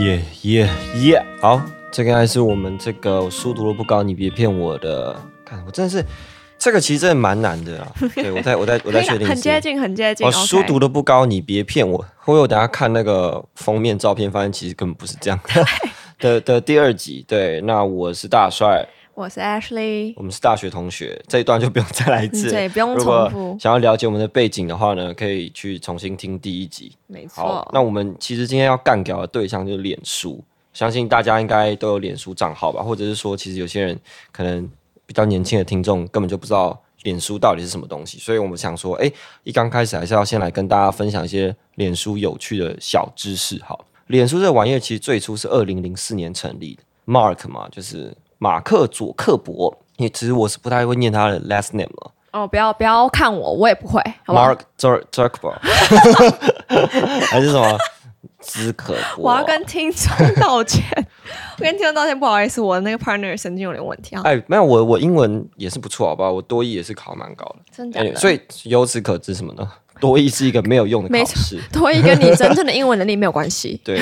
耶耶耶！好，這個還是我們這個我書讀的不高，你別騙我的。看，我真的是，這個其實真的蠻難的啊。 對，我再我再我再確定一下，很接近，很接近。我、哦 okay. 書讀的不高，你別騙我。後來我等下看那個封面照片，發現其實根本不是這樣的。 的的第二集，對，那我是大帥。我是 Ashley，我們是大學同學，這一段就不用再來一次，嗯，對，不用重複。如果想要了解我們的背景的話呢，可以去重新聽第一集，沒錯。那我們其實今天要幹掉的對象就是臉書，相信大家應該都有臉書賬號吧？或者是說，其實有些人可能比較年輕的聽眾根本就不知道臉書到底是什麼東西，所以我們想說，誒、欸，一剛開始還是要先來跟大家分享一些臉書有趣的小知識。好，臉書這個網頁其實最初是二零零四年成立的，Mark 嘛，就是。馬克佐克伯，你其實我是不太會念他的 last name 了。哦，不要不要看我，我也不會。好不好？Mark z e r k b e 還是什麼？z 可 k b 我要跟聽眾道歉， 我跟聽眾道歉，不好意思，我那個 partner 神經有點問題、啊。哎，沒有，我我英文也是不錯，好不好？我多益也是考蠻高的，真的、欸。所以由此可知什麼呢？多益是一個沒有用的考試沒錯多益跟你真正的英文能力沒有關係。 對。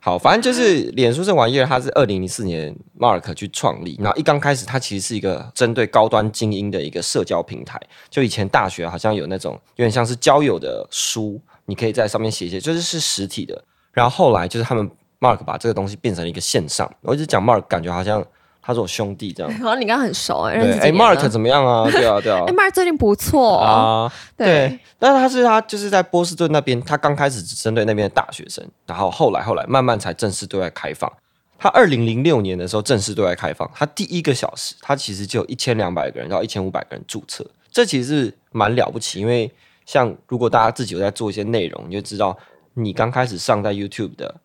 好，反正就是臉書這玩意兒，它是二零零四年 Mark 去創立。然後一剛開始，它其實是一個針對高端精英的一個社交平台。就以前大學好像有那種有點像是交友的書，你可以在上面寫一些，就是是實體的。然後後來就是他們 Mark 把這個東西變成了一個線上。我一直講 Mark，感覺好像。他是我兄弟，這樣。好像你剛剛很熟哎、欸。哎，Mark 怎麼樣啊？對啊，對啊。哎 ，Mark 最近不錯、哦、啊。對，那他是他就是在波士頓那邊，他剛開始只針對那邊的大學生，然後後來後來慢慢才正式對外開放。他二零零六年的時候正式對外開放，他第一個小時他其實就有一千兩百個人到一千五百個人注冊，這其實是蠻了不起，因為像如果大家自己有在做一些內容，你就知道你剛開始上在 YouTube 的。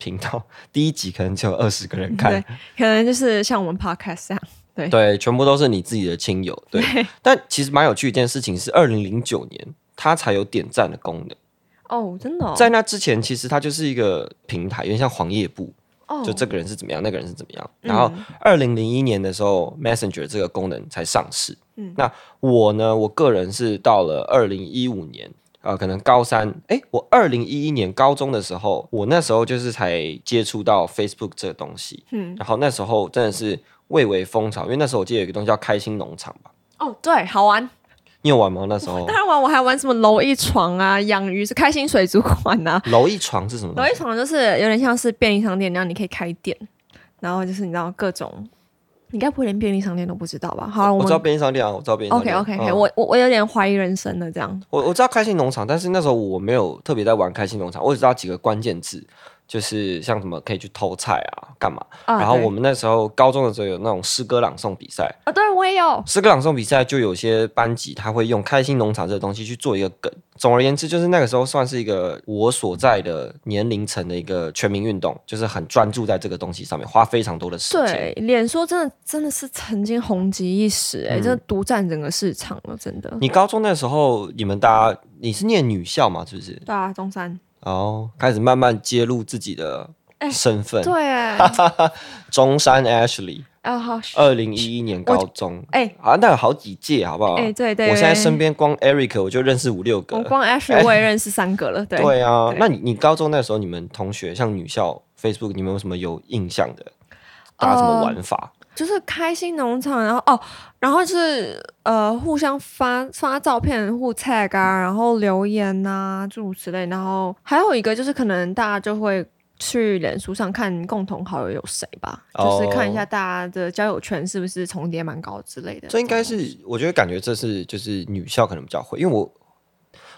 頻道第一集可能只有二十個人看，嗯對，可能就是像我們 Podcast 這樣，對對，全部都是你自己的親友。對，對但其實蠻有趣一件事情是，二零零九年它才有點讚的功能哦，真的，哦。在那之前，其實它就是一個平台，有點像黃頁簿，哦。就這個人是怎麼樣，那個人是怎麼樣。嗯、然後二零零一年的時候，Messenger 這個功能才上市。嗯，那我呢，我個人是到了二零一五年，呃，可能高三，哎，我二零一一年高中的時候，我那時候就是才接觸到 Facebook 這個東西，嗯，然後那時候真的是蔚為風潮，因為那時候我記得有一個東西叫開心農場吧。哦，對，好玩。你有玩嗎？那時候當然玩，我還玩什麼樓一床啊，養魚是開心水族館吶、啊。樓一床是什麼？樓一床就是有點像是便利商店，然後你可以開店，然後就是你知道各種。你該不會連便利商店都不知道吧？好啊，我知道便利商店啊，我知道便利商店。OK OK OK，嗯，我我我有點懷疑人生了，這樣。我我知道開心農場，但是那時候我沒有特別在玩開心農場，我只知道幾個關鍵字。就是像什麼可以去偷菜啊，幹嘛、啊？然後我們那時候高中的時候有那種詩歌朗誦比賽啊，對我也有詩歌朗誦比賽，就有些班級他會用開心農場這個東西去做一個梗。總而言之，就是那個時候算是一個我所在的年齡層的一個全民運動，就是很專注在這個東西上面，花非常多的時間。對，臉書真的真的是曾經紅極一時、欸，哎、嗯，真的獨佔整個市場了，真的。你高中那時候，你們大家你是念女校嗎？是不是？對啊，中山。好、oh, 開始慢慢揭露自己的身份、欸，對，哈哈哈，中山 Ashley，哦，好，二零一一年高中，哎、欸，啊，那有好幾屆，好不好？哎、欸，對，對對，我現在身邊光 Eric 我就認識五六個，我光 Ashley 我也認識三個了， 對，對啊，對，那你你高中那時候，你們同學像女校 Facebook 你們有什麼有印象的？大家怎麼玩法？呃就是開心農場，然後哦，然後就是呃，互相發發照片，互 tag 啊，然後留言吶、啊，諸如此類。然後還有一個就是，可能大家就會去臉書上看共同好友有誰吧，哦、就是看一下大家的交友圈是不是重疊蠻高之類的。這應該是，我覺得感覺這是就是女校可能比較會，因為我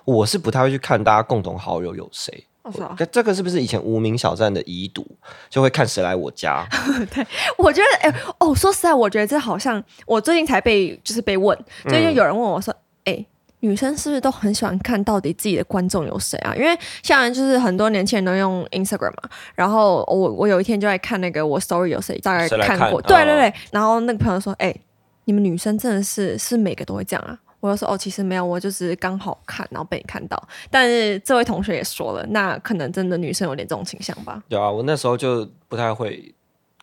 我是不太會去看大家共同好友有誰。這個是不是以前無名小站的遺毒？就會看誰來我家？ 對我覺得，哎、欸、哦，說實在，我覺得這好像我最近才被就是被問，最近有人問我說，哎、嗯欸，女生是不是都很喜歡看到底自己的觀眾有誰啊？因為像就是很多年輕人都用 Instagram 嘛，然後我我有一天就在看那個我 Story 有誰，大概看過，看對對對、哦，然後那個朋友說，哎、欸，你們女生真的是是每個都會這樣啊。我說哦，其實沒有，我就是剛好看，然後被你看到。但是這位同學也說了，那可能真的女生有點這種傾向吧？對啊，我那時候就不太會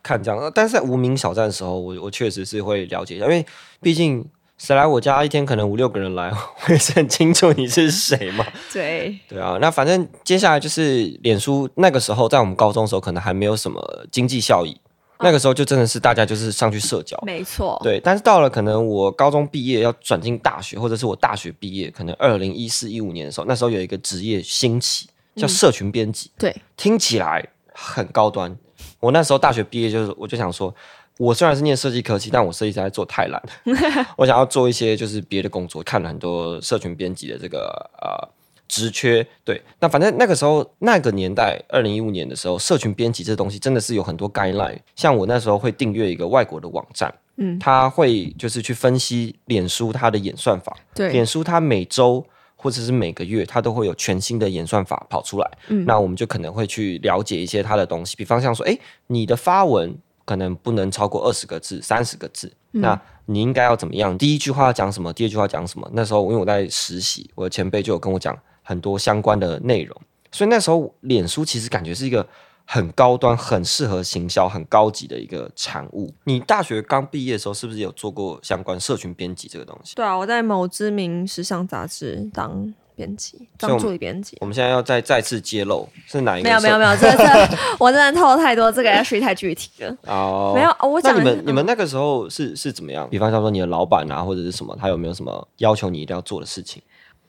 看這樣，但是在無名小站的時候我，我我確實是會了解一下，因為畢竟誰來我家一天可能五六個人來，我也是很清楚你是誰嘛。 對對啊，那反正接下來就是臉書，那個時候在我們高中的時候可能還沒有什麼經濟效益。那個時候就真的是大家就是上去社交，沒錯，對。但是到了可能我高中畢業要轉進大學，或者是我大學畢業，可能二零一四一五年的時候，那時候有一個職業興起叫社群編輯，嗯，對，聽起來很高端。我那時候大學畢業就是我就想說，我雖然是念設計科技，但我設計實在做太難， 我想要做一些就是別的工作。看了很多社群編輯的這個呃。職缺對，那反正那個時候那個年代，二零一五年的時候，社群編輯這東西真的是有很多概念。像我那時候會訂閱一個外國的網站，嗯，他會就是去分析臉書它的演算法。對，臉書它每周或者是每個月，它都會有全新的演算法跑出來。嗯，那我們就可能會去了解一些它的東西，比方像說，哎，你的發文可能不能超過二十個字、三十個字、嗯，那你應該要怎麼樣？第一句話要講什麼？第二句話要講什麼？那時候因為我在實習，我的前輩就有跟我講。很多相關的內容，所以那時候臉書其實感覺是一個很高端、很適合行銷、很高級的一個產物。你大學剛畢業的時候，是不是有做過相關社群編輯這個東西？對啊，我在某知名時尚雜誌當編輯，當助理編輯。我們現在要再再次揭露是哪一個？沒有沒有沒有，真的 我真的透露太多，這個 actually 太具體了。哦， 沒有，我、哦、講你們、嗯、你們那個時候是是怎麼樣？比方像說你的老闆啊，或者是什麼，他有沒有什麼要求你一定要做的事情？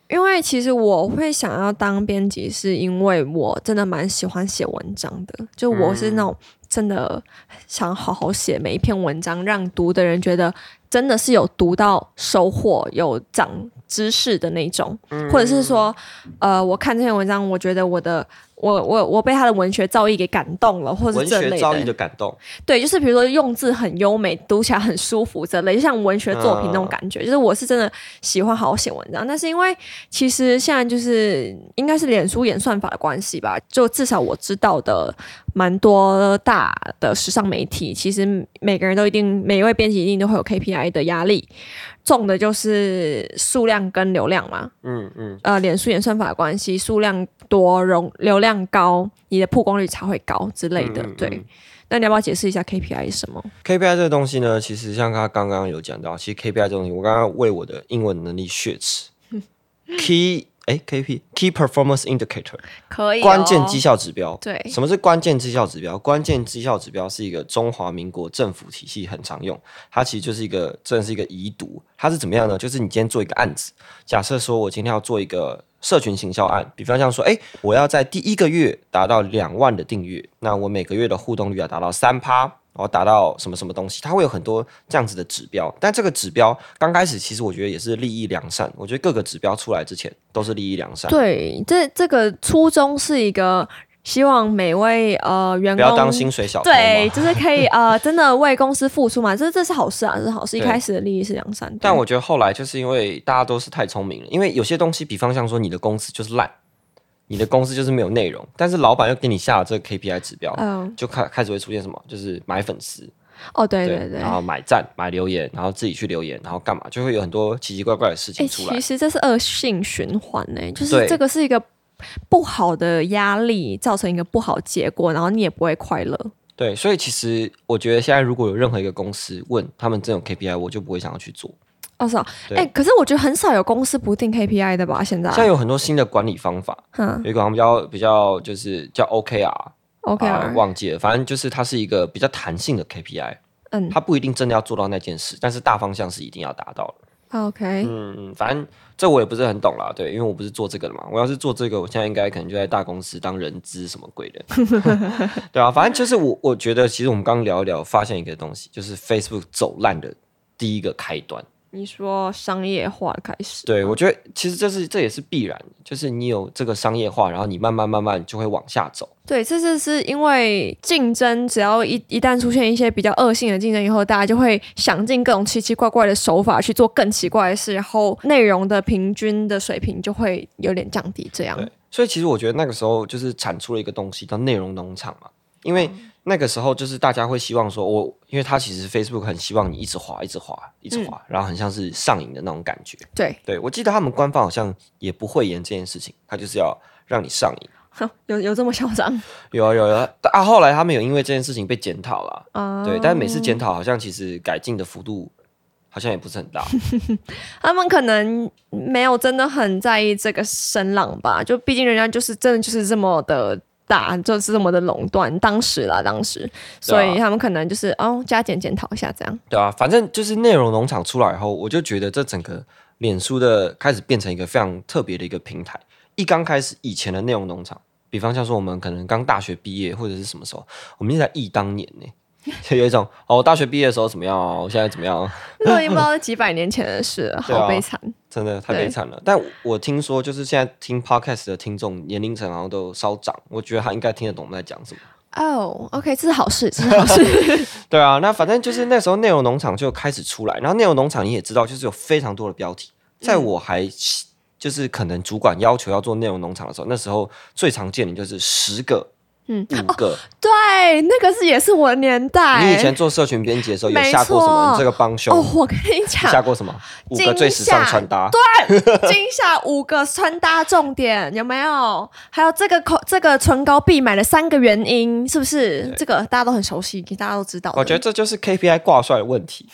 因為其實我會想要當編輯，是因為我真的蠻喜歡寫文章的。就我是那種真的想好好寫每一篇文章，嗯、讓讀的人覺得真的是有讀到收穫、有長知識的那種。嗯、或者是說，呃，我看這篇文章，我覺得我的。我我我被他的文學造詣給感動了，或者是這類的，造詣的感動。對，就是比如說用字很優美，讀起來很舒服這類，就像文學作品那種感覺。啊、就是我是真的喜歡好好寫文章，但是因為其實現在就是應該是臉書演算法的關係吧，就至少我知道的蠻多大的時尚媒體，其實每個人都一定，每一位編輯一定都會有 KPI 的壓力，重的就是數量跟流量嘛。嗯嗯，呃，臉書演算法的關係，數量多容流量，高，你的曝光率才會高之類的。嗯嗯、對，那你要不要解釋一下 KPI 是什麼？KPI 這個東西呢，其實像他剛剛有講到，其實 KPI 這個東西，我剛剛為我的英文能力雪恥。 Key 誒、欸、K P Key Performance Indicator 可以、哦，關鍵績效指標。對，什麼是關鍵績效指標？關鍵績效指標是一個中華民國政府體系很常用，它其實就是一個，這是一個遺毒。它是怎麼樣呢？就是你今天做一個案子，假設說我今天要做一個。社群行銷案，比方像說，哎，我要在第一個月達到兩萬的訂閱，那我每個月的互動率啊達到三趴，然後達到什麼什麼東西，它會有很多這樣子的指標。但這個指標剛開始，其實我覺得也是立意良善。我覺得各個指標出來之前都是立意良善。對，這這個初衷是一個。希望每位呃員工不要當薪水小偷，對，就是可以 呃真的為公司付出嘛，這這是好事啊，這是好事。一開始的利益是良善，但我覺得後來就是因為大家都是太聰明了，因為有些東西，比方像說你的公司就是爛，你的公司就是沒有內容，但是老板又給你下了這個 KPI 指標，呃、就開開始會出現什麼，就是買粉絲，哦對對對,對,對，然後買讚買留言，然後自己去留言，然後幹嘛，就會有很多奇奇怪怪的事情出來。欸、其實這是惡性循環呢、欸，就是這個是一個。不好的壓力造成一個不好結果，然後你也不會快樂。對，所以其實我覺得現在如果有任何一個公司問他們真有 KPI，我就不會想要去做。哦、oh, so.，是啊，哎，可是我覺得很少有公司不訂 KPI 的吧？現在現在有很多新的管理方法，嗯，有一個好像比較比較就是叫 OKR，OKR、嗯啊、忘記了，反正就是它是一個比較彈性的 KPI，嗯，它不一定真的要做到那件事，但是大方向是一定要達到的。OK，嗯，反正這我也不是很懂啦，對，因為我不是做這個的嘛。我要是做這個，我現在應該可能就在大公司當人資什麼鬼的， 對啊，反正就是我，我覺得其實我們剛剛聊一聊，發現一個東西，就是 Facebook 走爛的第一個開端。你說商業化開始，對，我覺得其實這是這也是必然，就是你有這個商業化，然後你慢慢慢慢就會往下走。對，這是是因為競爭，只要一一旦出現一些比較惡性的競爭以後，大家就會想盡各種奇奇怪怪的手法去做更奇怪的事，然後內容的平均的水平就會有點降低。這樣。對，所以其實我覺得那個時候就是產出了一個東西，叫內容農場嘛，因為。嗯那個時候就是大家會希望說我，我因為他其實 Facebook 很希望你一直滑，一直滑，一直滑，然後很像是上癮的那種感覺。對，對我記得他們官方好像也不諱言這件事情，他就是要讓你上癮。有有這麼囂張？有啊有啊，有啊！啊，後來他們有因為這件事情被檢討了啊。對，但每次檢討好像其實改進的幅度好像也不是很大。 他們可能沒有真的很在意這個聲浪吧？就畢竟人家就是真的就是這麼的。大就是這麼的壟斷，當時啦，當時，所以他們可能就是、啊、哦，加減檢討一下這樣。對啊，反正就是內容農場出來以後，我就覺得這整個臉書的開始變成一個非常特別的一個平台。一剛開始以前的內容農場，比方像說我們可能剛大學畢業或者是什麼時候，我們現在憶當年呢、欸， 有一種哦，大學畢業的時候怎麼樣啊，我現在怎麼樣？那已經不知道幾百年前的事，好悲慘。真的太悲慘了，但我聽說就是現在聽 podcast 的聽眾年齡層好像都稍長，我覺得他應該聽得懂我們在講什麼。哦、oh，OK，這是好事，這是好事。 對啊，那反正就是那時候內容農場就開始出來，然後內容農場你也知道，就是有非常多的標題。在我還就是可能主管要求要做內容農場的時候，嗯、那時候最常見的就是十個。嗯，五個，哦、對，那個是也是我的年代。你以前做社群編輯的時候，有下過什麼這個幫兇？哦，我跟你講， 下過什麼？五個最時尚穿搭，對，今 夏五個穿搭重點有沒有？還有這個口這個唇膏必買的三個原因，是不是？這個大家都很熟悉，大家都知道。我覺得這就是 KPI 掛帥的問題，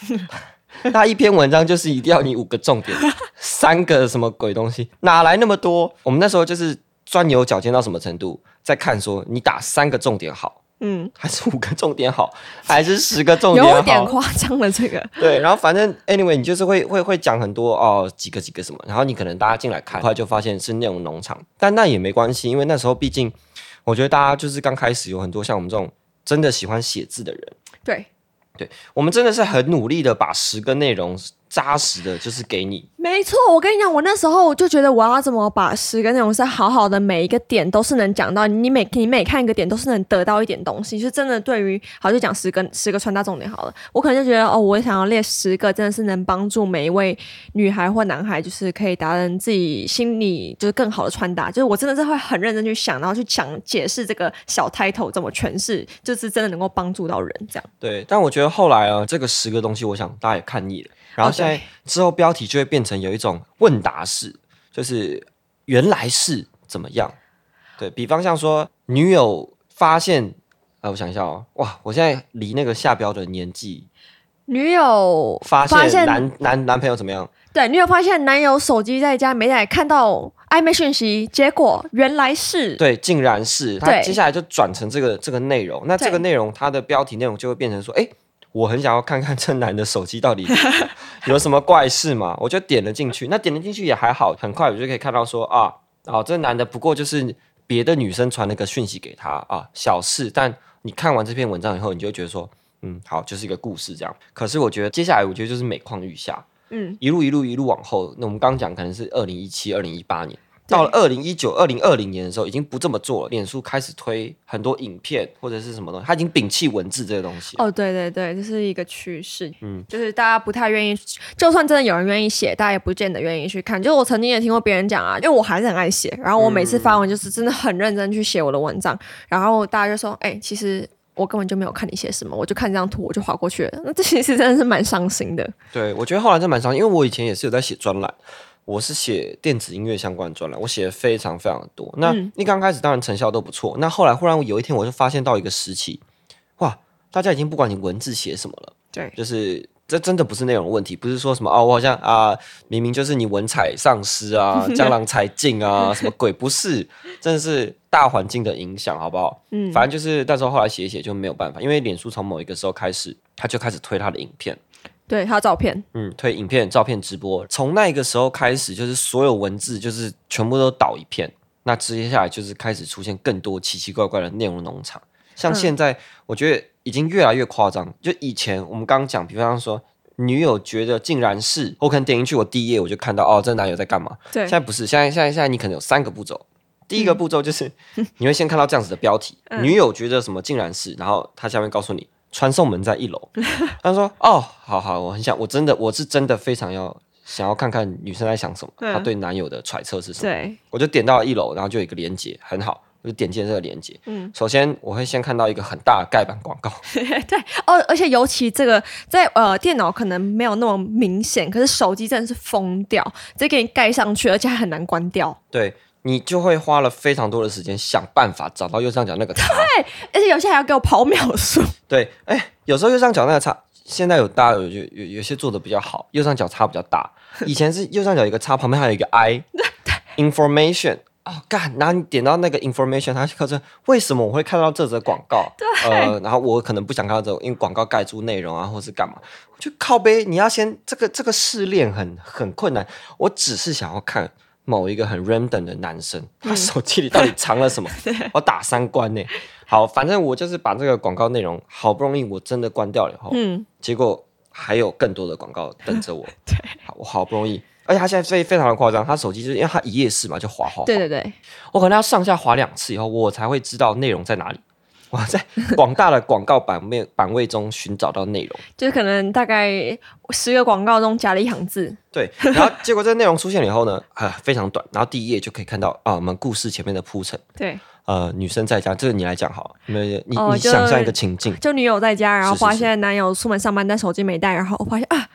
那 一篇文章就是一定要你五個重點， 三個什麼鬼東西，哪來那麼多？我們那時候就是。鑽牛角尖到什麼程度，再看說你打三個重點好，嗯，還是五個重點好，還是十個重點好 有點誇張了這個。對，然後反正 anyway，你就是會會會講很多哦，幾個幾個什麼，然後你可能大家進來看，很快就發現是那種農場，但那也沒關係，因為那時候畢竟我覺得大家就是剛開始有很多像我們這種真的喜歡寫字的人，對，對我們真的是很努力的把十個內容，扎實的，就是給你沒錯。我跟你講，我那時候就覺得我要怎麼把十個內容是好好的每一個點都是能講到你每你每看一個點都是能得到一點東西。就是、真的對於好就講十個十個穿搭重點好了，我可能就覺得哦，我想要列十個真的是能幫助每一位女孩或男孩，就是可以達成自己心裡就是更好的穿搭。就是我真的是會很認真去想，然後去想解釋這個小 title 怎麼詮釋，就是真的能夠幫助到人這樣。對，但我覺得後來啊，這個十個東西，我想大家也看膩了。然後現在、okay. 之後標題就會變成有一種問答式，就是原來是怎麼樣？對，比方像說女友發現，哎、呃，我想一下哦，哇，我現在離那個下標的年紀，女友發現男發現男男，男朋友怎麼樣？對，女友發現男友手機在家沒在，看到曖昧訊息，結果原來是，對，竟然是，對，他接下來就轉成這個這個內容。那這個內容它的標題內容就會變成說，哎。我很想要看看這男的手機到底有什麼怪事嘛？ 我就點了進去，那點了進去也還好，很快我就可以看到說啊，啊，這男的不過就是別的女生傳了個訊息給他啊，小事。但你看完這篇文章以後，你就覺得說，嗯，好，就是一個故事這樣。可是我覺得接下來，我覺得就是每況愈下，嗯，一路一路一路往後。那我們剛講可能是二零一七、二零一八年。到了二零一九、二零二零年的時候，已經不這麼做了。臉書開始推很多影片或者是什麼東西，他已經摒棄文字這些東西。哦，對對對，這是一個趨勢。嗯，就是大家不太願意，就算真的有人願意寫，大家也不見得願意去看。就是我曾經也聽過別人講啊，因為我還是很愛寫，然後我每次發文就是真的很認真去寫我的文章，嗯、然後大家就說：“哎、欸，其實我根本就沒有看你寫什麼，我就看這張圖，我就滑過去了。”那這其實真的是蠻傷心的。對，我覺得後來就蠻傷心，因為我以前也是有在寫專欄。我是寫電子音樂相關的專欄，我寫了非常非常的多。那、嗯、一剛開始當然成效都不錯。那後來忽然有一天，我就發現到一個時期，哇，大家已經不管你文字寫什麼了，對，就是這真的不是內容的問題，不是說什麼啊、哦，我好像啊，明明就是你文采喪失啊，江郎才盡啊， 什麼鬼？不是，真的是大環境的影響，好不好？嗯，反正就是到時候後來寫一寫就沒有辦法，因為臉書從某一個時候開始，他就開始推他的影片。對他照片，嗯，推影片、照片、直播，從那個時候開始，就是所有文字就是全部都倒一片。那接下來就是開始出現更多奇奇怪怪的內容農場。像現在，嗯、我覺得已經越來越誇張。就以前我們剛講，比方說女友覺得竟然是，我可能點進去，我第一頁我就看到哦，這男友在幹嘛？對，現在不是，現在現在現在你可能有三個步驟。第一個步驟就是、嗯、你會先看到這樣子的標題、嗯，女友覺得什麼竟然是，然後他下面告訴你。傳送門在一樓，他說：“哦，好好，我很想，我真的，我是真的非常要想要看看女生在想什麼，嗯、她對男友的揣測是什麼。”對，我就點到一樓，然後就有一個連結，很好，我就點進這個連結。嗯，首先我會先看到一個很大的蓋板廣告。 對，哦，而且尤其這個在呃電腦可能沒有那麼明顯，可是手機真的是瘋掉，直接給你蓋上去，而且還很難關掉。對。你就會花了非常多的時間想辦法找到右上角那個叉，對，而且有些還要給我跑秒數。對，哎、欸，有時候右上角那個叉，現在有大有有有有些做的比較好，右上角叉比較大。以前是右上角一個叉， 旁邊還有一個 I information。哦，幹，那你點到那個 information，它就這，為什麼我會看到這則廣告？對，呃，然後我可能不想看到這，因為廣告蓋住內容啊，或是幹嘛？就靠背，你要先這個這個試煉很很困難。我只是想要看。某一個很 random 的男生，他手機裡到底藏了什麼？嗯、 我打三關呢、欸。好，反正我就是把這個廣告內容，好不容易我真的關掉了後，嗯，結果還有更多的廣告等着我。 對好，我好不容易，而且他現在非非常的誇張，他手機就是因為他一頁式嘛，就滑滑滑。對對對，我可能要上下滑兩次以後，我才會知道內容在哪裡。我 在廣大的廣告版面版位中尋找到內容，就是可能大概十個廣告中夾了一行字。 對，然後結果這內容出現以後呢，啊，非常短，然後第一頁就可以看到啊，我們故事前面的鋪陳。對，呃，女生在家，這、就、個、是、你來講好了，沒你、呃、你想象一個情境，就女友在家，然後發現男友出門上班，但手機沒帶，然後我發現啊，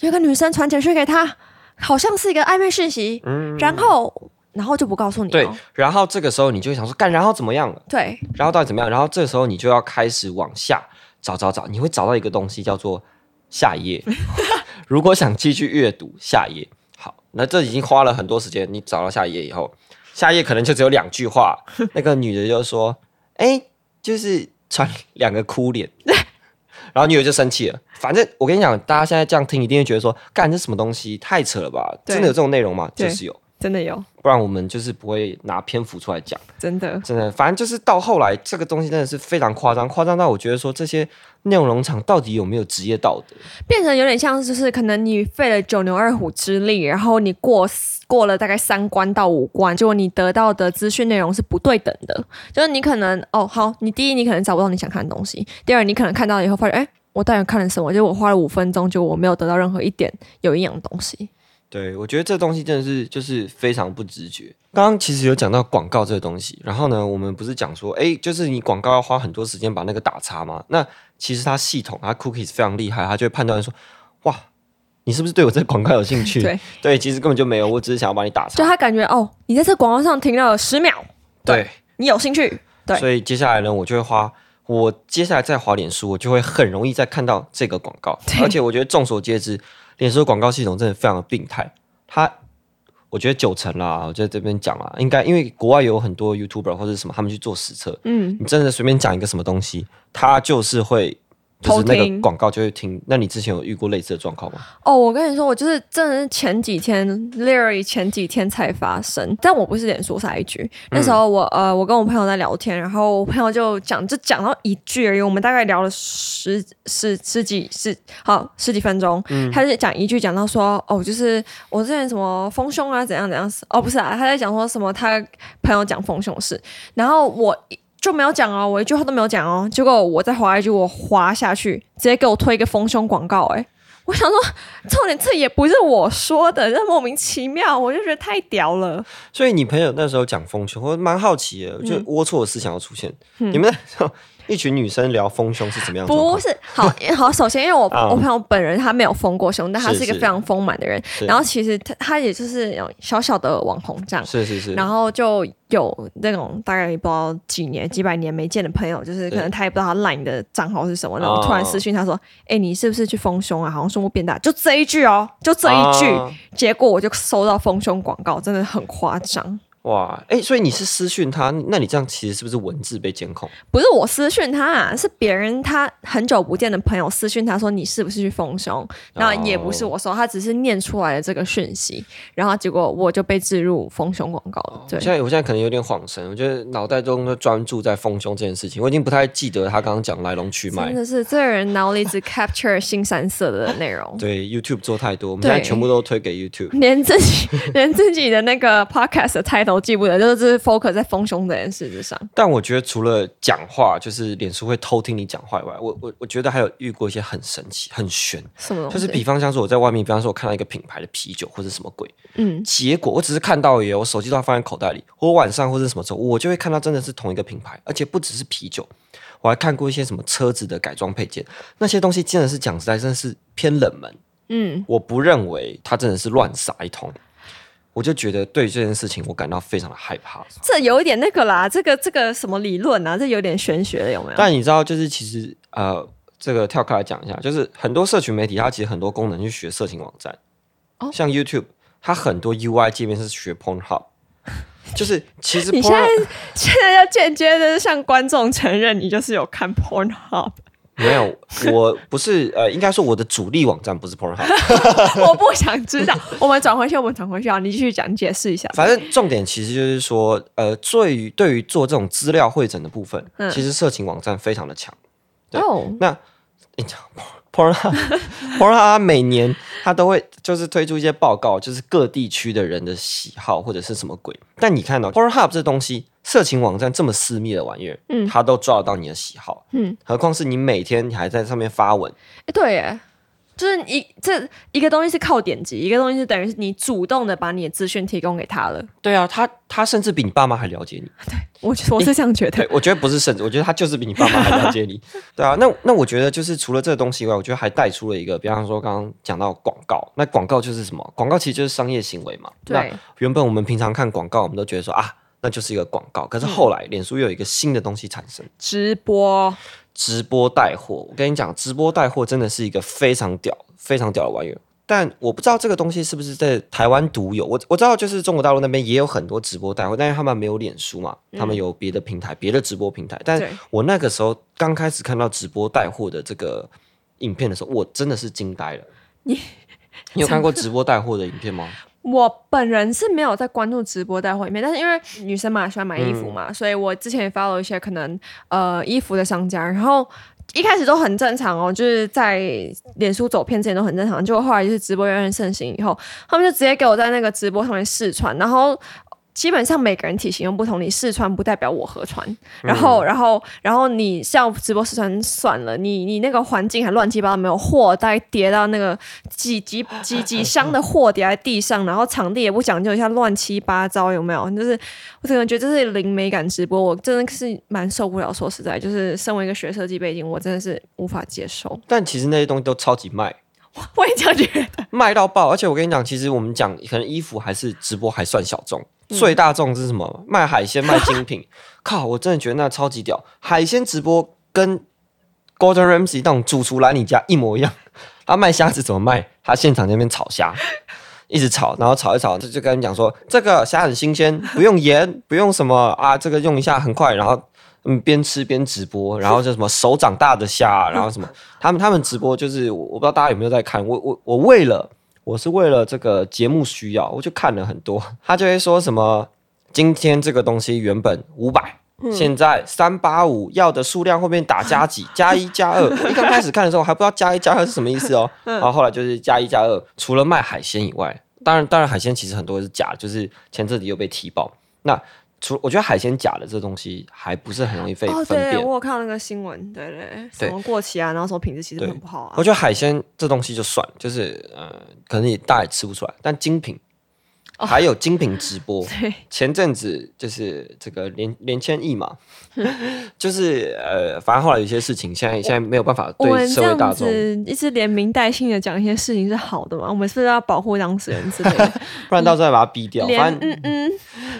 有個女生傳簡訊給他，好像是一個曖昧訊息，嗯，然後。然後就不告訴你、哦。對，然後這個時候你就會想說，幹，然後怎麼樣了？對，然後到底怎麼樣？然後這個時候你就要開始往下找找找，你會找到一個東西叫做下一頁。 如果想繼續閱讀下一頁，好，那這已經花了很多時間。你找到下一頁以後，下一頁可能就只有兩句話，那個女的就說：“哎、 欸，就是傳，兩個哭臉。 ”然後女的就生氣了。反正我跟你講，大家現在這樣聽，一定會覺得說：“幹，這什麼東西？太扯了吧！真的有這種內容嗎？”就是有。真的有，不然我們就是不會拿篇幅出來講。真的，真的，反正就是到後來，這個東西真的是非常誇張，誇張到我覺得說這些內容農場到底有沒有職業道德，變成有點像就是可能你費了九牛二虎之力，然後你過過了大概三關到五關，結果你得到的資訊內容是不對等的，就是你可能哦，好，你第一你可能找不到你想看的東西，第二你可能看到以後發現哎，我到底看了什麼？就我花了五分鐘，就我沒有得到任何一點有營養的東西。對，我覺得這東西真的是就是非常不直覺。剛剛其實有講到廣告這個東西，然後呢，我們不是講說，哎，就是你廣告要花很多時間把那個打叉嗎？那其實它系統它 cookies 非常厲害，它就會判斷說，哇，你是不是對我這個廣告有興趣？對，對，其實根本就沒有，我只是想要把你打叉。就他感覺，哦，你在這廣告上停留了十秒，對，對，你有興趣，對，所以接下來呢，我就會花，我接下來再滑臉書，我就會很容易再看到這個廣告。而且我覺得眾所皆知。電視的廣告系統真的非常的病態，它我覺得九成啦，我覺得這邊講啦，應該因為國外有很多 YouTuber 或者什麼，他們去做實測，嗯，你真的隨便講一個什麼東西，它就是會。就是、那個廣告就會聽，聽，那你之前有遇過類似的狀況嗎？哦，我跟你說，我就是真的是前幾天，literally 前幾天才發生，但我不是連說一句。那時候我、嗯、呃，我跟我朋友在聊天，然後我朋友就講，就講到一句而已。我們大概聊了十十十幾十好十幾分鐘、嗯，他就講一句，講到說哦，就是我之前什麼豐胸啊怎樣怎樣。哦，不是啊，他在講說什麼他朋友講豐胸的事，然後我。就沒有講哦，我一句話都沒有講哦，結果我在滑一句，我滑下去，直接給我推一個豐胸廣告，欸，哎，我想說，重點這也不是我說的，這莫名其妙，我就覺得太屌了。所以你朋友那時候講豐胸，我蠻好奇的，嗯，就齷齪的思想要出現，嗯、你們那時候呵呵。一群女生聊豐胸是怎麼樣？不是，好好，首先因為我 我朋友本人她沒有豐過胸，但她是一個非常豐滿的人。是是然後其實她她也就是小小的網紅這樣。是是是。然後就有那種大概也不知道幾年幾百年沒見的朋友，就是可能他也不知道他賴你的賬號是什麼是，然後突然私訊他說：“哎、哦欸，你是不是去豐胸啊？好像胸部變大。”就這一句哦，就這一句，哦、結果我就收到豐胸廣告，真的很誇張。哇，哎、欸，所以你是私訊他，那你這樣其實是不是文字被監控？不是我私訊他、啊，是別人他很久不見的朋友私訊他說你是不是去豐胸？那、哦、也不是我說，他只是念出來的這個訊息，然後結果我就被置入豐胸廣告了。對、哦，現在我現在可能有點恍神，我覺得腦袋中專注在豐胸這件事情，我已經不太記得他剛剛講來龍去脈。真的是這個人腦裡只 capture、啊、腥羶色的內容。對，YouTube 做太多，我們現在全部都推給 YouTube，連自己連自己的那個 podcast 的 title。 都記不得，就是 focus 在豐胸這件事上。但我覺得除了講話，就是臉書會偷聽你講話以外，我我我覺得還有遇過一些很神奇、很玄，什麼就是比方像是我在外面，比方說我看到一個品牌的啤酒或者什麼鬼，嗯，結果我只是看到耶，我手機都要放在口袋裡。我晚上或者什麼時候，我就會看到真的是同一個品牌，而且不只是啤酒，我還看過一些什麼車子的改裝配件，那些東西真的是講實在，真的是偏冷門。嗯，我不認為它真的是亂撒一通。我就覺得對這件事情，我感到非常的害怕。這有點那個啦，這個這個什麼理論啊？這有點玄學了，有沒有？但你知道，就是其實呃，這個跳開來講一下，就是很多社群媒體，它其實很多功能去學色情網站、哦，像 YouTube，它很多 UI 界面是學 PornHub， 就是其實 pornhub，你現在現在要間接的向觀眾承認，你就是有看 PornHub。 沒有，我不是，呃，應該說我的主力網站不是 Pornhub， 我不想知道。我們轉回去，我們轉回去啊！你繼續講，解釋一下。反正重點其實就是說，呃，對於對於做這種資料彙整的部分，嗯、其實色情網站非常的強。哦那。那 Pornhub Pornhub 每年它都會就是推出一些報告，就是各地區的人的喜好或者是什麼鬼。但你看到、哦、Pornhub 這東西。色情網站這麼私密的玩意兒，嗯，他都抓得到你的喜好，嗯，何況是你每天你還在上面發文，哎、欸，對，哎，就是一這一個東西是靠點擊，一個東西是等於是你主動的把你的資訊提供給他了，對啊，他他甚至比你爸媽還了解你，對我我是這樣覺得、欸，我覺得不是甚至，我覺得他就是比你爸媽還了解你， 對啊，那那我覺得就是除了這個東西以外，我覺得還帶出了一個，比方說剛剛講到廣告，那廣告就是什麼？廣告其實就是商業行為嘛，對，那原本我們平常看廣告，我們都覺得說啊。那就是一個廣告，可是後來臉書又有一個新的東西產生，直播，直播帶貨。我跟你講，直播帶貨真的是一個非常屌、非常屌的玩意兒。但我不知道這個東西是不是在台灣獨有，我我知道就是中國大陸那邊也有很多直播帶貨，但是他們沒有臉書嘛，他們有別的平台、嗯、別的直播平台。但是我那個時候剛開始看到直播帶貨的這個影片的時候，我真的是驚呆了。你你有看過直播帶貨的影片嗎？ 我本人是沒有在關注直播帶貨裡面，但是因為女生嘛，喜歡買衣服嘛，嗯、所以我之前也 follow 一些可能呃衣服的商家，然後一開始都很正常哦，就是在臉書走偏之前都很正常，就後來就是直播越來越盛行以後，他們就直接給我在那個直播上面試穿，然後。基本上每個人體型又不同，你試穿不代表我合穿。然後、嗯，然後，然後你下午直播試穿算了。你你那個環境還亂七八糟，沒有貨，大概疊到那個幾幾幾幾箱的貨疊在地上，然後場地也不講究一下，亂七八糟，有沒有？就是我只能覺得這是零美感直播，我真的是蠻受不了。說實在，就是身為一個學設計背景，我真的是無法接受。但其實那些東西都超級賣。我也這樣覺得，賣到爆。而且我跟你講，其實我們講可能衣服還是直播還算小眾。最大眾是什麼？賣海鮮，賣精品， 靠！我真的覺得那超級屌。海鮮直播跟 Gordon Ramsay 那種主廚來你家一模一樣。他賣蝦子怎麼賣？他現場在那邊炒蝦，一直炒，然後炒一炒就就跟你講說這個蝦很新鮮，不用鹽，不用什麼啊，這個用一下很快。然後嗯，邊吃邊直播，然後就什麼手掌大的蝦，然後什麼他們他們直播就是我不知道大家有沒有在看，我我我為了。我是為了這個節目需要，我就看了很多，他就會說什麼今天這個東西原本五百，現在三八五，要的數量後面打加幾，加一加二。我一剛開始看的時候還不知道加一加二是什麼意思哦，然後後來就是加一加二。除了賣海鮮以外，當然當然海鮮其實很多是假，就是前陣子又被踢爆。那除我覺得海鮮假的這東西還不是很容易被分辨。哦、對，我有看到那個新聞，對對，什麼過期啊，然後什麼品質其實很不好啊。我覺得海鮮這東西就算，就是呃，可能你大也吃不出來，但精品。還有精品直播，哦、前陣子就是這個連連千毅嘛， 就是呃，反正後來有些事情，現在現在沒有辦法對社會大眾一直連名帶姓的講一些事情是好的嘛？我們是不是要保護當事人之類的、 嗯？不然到時候把他逼掉，反正嗯，嗯，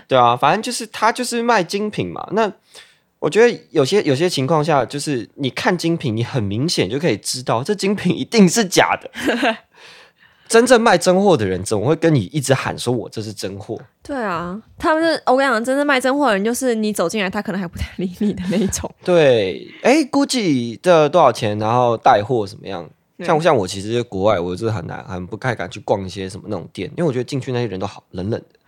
對啊，反正就是他就是賣精品嘛。那我覺得有些有些情況下，就是你看精品，你很明顯就可以知道這精品一定是假的。 真正賣真貨的人怎麼會跟你一直喊說“我這是真貨”？對啊，他們、就是我跟你講，真正賣真貨的人，就是你走進來，他可能還不太理你的那一種。對，哎、欸，估計這多少錢？然後帶貨什麼樣？像像我其實國外，我就是很難、很不太敢去逛一些什麼那種店，因為我覺得進去那些人都好冷冷的。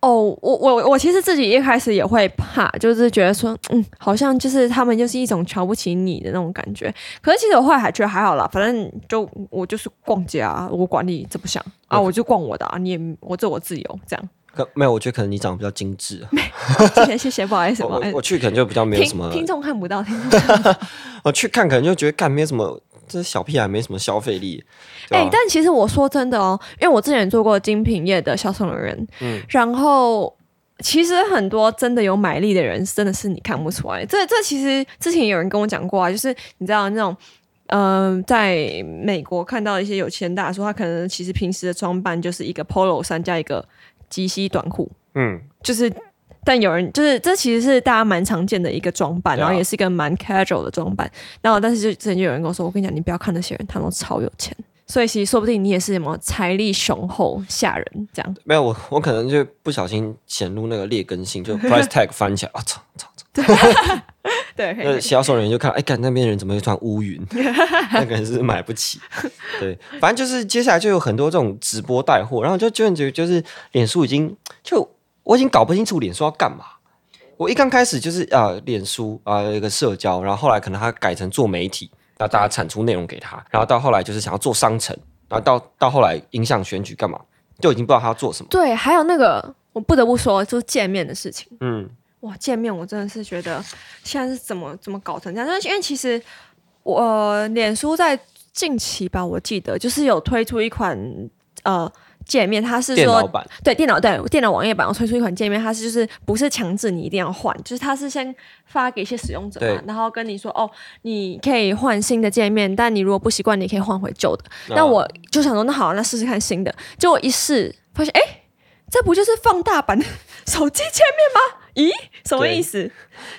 哦，我我我，我其實自己一開始也會怕，就是覺得說，嗯，好像就是他們就是一種瞧不起你的那種感覺。可是其實我後來還覺得還好啦，反正就我就是逛街啊，我管你怎麼想啊，我就逛我的啊，你也我做我自由這樣可。沒有，我覺得可能你長得比較精致。沒，謝謝謝謝，不好意思， 我我，我去可能就比較沒有什麼聽眾看不到。聽眾看不到 我去看可能就覺得看沒有什麼。這是小屁孩，沒什麼消費力。哎、欸，但其實我說真的哦，因為我之前做過精品業的銷售的人員，嗯，然後其實很多真的有買力的人，真的是你看不出來。這這其實之前有人跟我講過啊，就是你知道那種，嗯、呃，在美國看到一些有錢大叔，他可能其實平時的裝扮就是一個 Polo 衫加一個及膝短褲，嗯，就是。但有人就是，這其實是大家蠻常見的一個裝扮，啊、然後也是一個蠻 casual 的裝扮。然後，但是就曾經有人跟我說，我跟你講，你不要看那些人，他們超有錢。所以其實說不定你也是什麼財力雄厚嚇人這樣。沒有我，我可能就不小心顯露那個劣根性，就 price tag 翻起來 啊，衝衝衝！對， 對 對 對嘿嘿 那銷售人員就看，哎，看那邊人怎麼會穿烏雲，那個人是買不起。對，反正就是接下來就有很多這種直播帶貨，然後就就就就是，臉書已經就。我已經搞不清楚臉書要幹嘛。我一剛開始就是呃，臉書啊、呃，一個社交，然後後來可能他改成做媒體，要大家產出內容給他，然後到後來就是想要做商城，然後到到後來影響選舉幹嘛，就已經不知道他要做什麼。對，還有那個我不得不說，就是、見面的事情。嗯，哇，見面我真的是覺得現在是怎麼怎麼搞成這樣？但是因為其實我臉書在近期吧，我記得就是有推出一款呃。界面，它是說對電腦對，電腦，對電腦網頁版，我推出一款界面，它是就是不是強制你一定要換，就是它是先發給一些使用者嘛，然後跟你說哦，你可以換新的界面，但你如果不習慣，你可以換回舊的、嗯。那我就想說，那好，那試試看新的。結果一試，發現哎，這不就是放大版的手機界面嗎？咦，什麼意思？